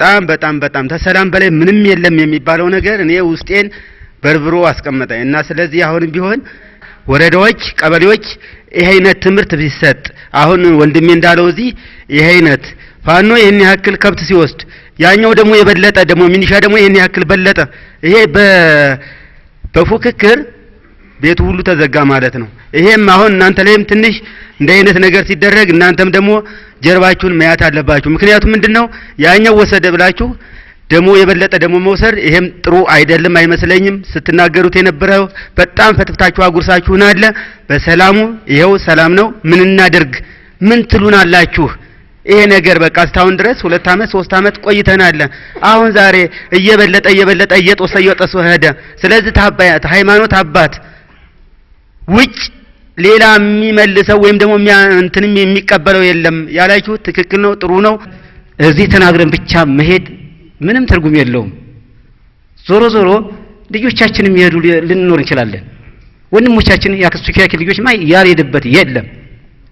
በጣም በጣም በጣም ተሰላም በላይ ምንም የለም የሚባለው ነገር እኔ ውስጤን በርብሮ አስቀመጠኝ እና ስለዚህ አሁንም ቢሆን ወረዳዎች፣ ቀበሌዎች ይሄ አይነት ትምህርት ቢሰጥ አሁን ወንድሜ እንዳለው እዚህ ይሄ አይነት ፋኖ ይህን ያክል ከብት ሲወስድ ያኛው ደግሞ የበለጠ ደግሞ ሚኒሻ ደግሞ ይህን ያክል በለጠ፣ ይሄ በፉክክር ቤቱ ሁሉ ተዘጋ ማለት ነው። ይሄም አሁን እናንተ ላይም ትንሽ እንደ አይነት ነገር ሲደረግ እናንተም ደግሞ ጀርባችሁን መያት አለባችሁ። ምክንያቱም ምንድነው ያኛው ወሰደ ብላችሁ ደሞ የበለጠ ደሞ መውሰድ ይሄም ጥሩ አይደለም፣ አይመስለኝም። ስትናገሩት የነበረው በጣም ፈትፍታችሁ አጉርሳችሁን አለ። በሰላሙ ይኸው ሰላም ነው። ምን እናደርግ ምን ትሉን አላችሁ። ይሄ ነገር በቃ እስካሁን ድረስ ሁለት ዓመት ሶስት ዓመት ቆይተናል። አሁን ዛሬ እየበለጠ እየበለጠ እየጦሰ እየጦሰ ሄደ። ስለዚህ ሃይማኖት አባት ውጭ ሌላ የሚመልሰው ወይም ደግሞ እንትንም የሚቀበለው የለም። ያላችሁ ትክክል ነው፣ ጥሩ ነው። እዚህ ተናግረን ብቻ መሄድ ምንም ትርጉም የለውም። ዞሮ ዞሮ ልጆቻችንም ይሄዱ ልንኖር እንችላለን። ወንድሞቻችን ያክስቱኪያኪ ልጆች ማ ያልሄድበት የለም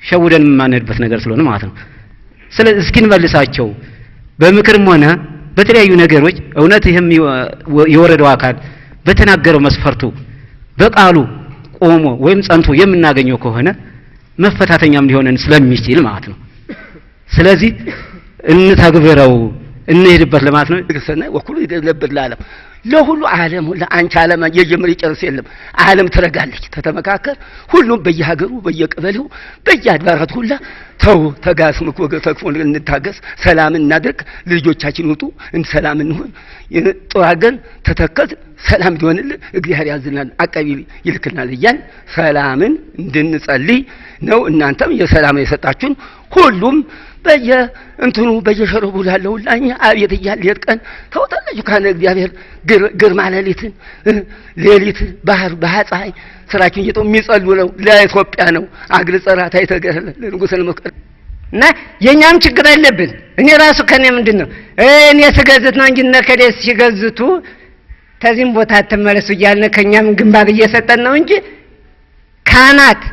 ሸውደን የማንሄድበት ነገር ስለሆነ ማለት ነው። ስለዚህ እስኪንመልሳቸው በምክርም ሆነ በተለያዩ ነገሮች እውነት ይህም የወረደው አካል በተናገረው መስፈርቱ በቃሉ ቆሞ ወይም ጸንቶ የምናገኘው ከሆነ መፈታተኛም ሊሆነን ስለሚችል ማለት ነው። ስለዚህ እንተግብረው እንሄድበት ለማለት ነው። ሰናይ ወኩሉ ይገለበት ለዓለም ለሁሉ ዓለም ለአንቺ ዓለም የጀምር ይጨርስ የለም። ዓለም ትረጋለች ተተመካከር ሁሉም በየሀገሩ በየቀበሌው በየአድባራት ሁላ ተው ምኮ ተክፎ እንታገስ፣ ሰላም እናድርግ፣ ልጆቻችን ውጡ፣ ሰላም እንሁን፣ ጥሩ ሀገር ተተከል፣ ሰላም እንዲሆንልን እግዚአብሔር ያዝናል፣ አቀቢ ይልክናል እያን ሰላምን እንድንጸልይ ነው። እናንተም የሰላም የሰጣችሁን ሁሉም በየ እንትኑ በየሸረቡ ላለው ላኛ አቤት እያል ሌት ቀን ተውጣለች ካነ እግዚአብሔር ግርማ ሌሊትን ሌሊት ባህር ባህ ፀሐይ ስራችን እየጦ የሚጸሉ ነው። ለኢትዮጵያ ነው አግል አግልጸራ ታይተገለ ለንጉሰን መስቀል እና የእኛም ችግር አለብን። እኔ ራሱ ከኔ ምንድን ነው እኔ ስገዝት ነው እንጂ ነከዴ ሲገዝቱ ተዚህም ቦታ አትመለሱ እያልን ከእኛም ግንባር እየሰጠን ነው እንጂ ካህናት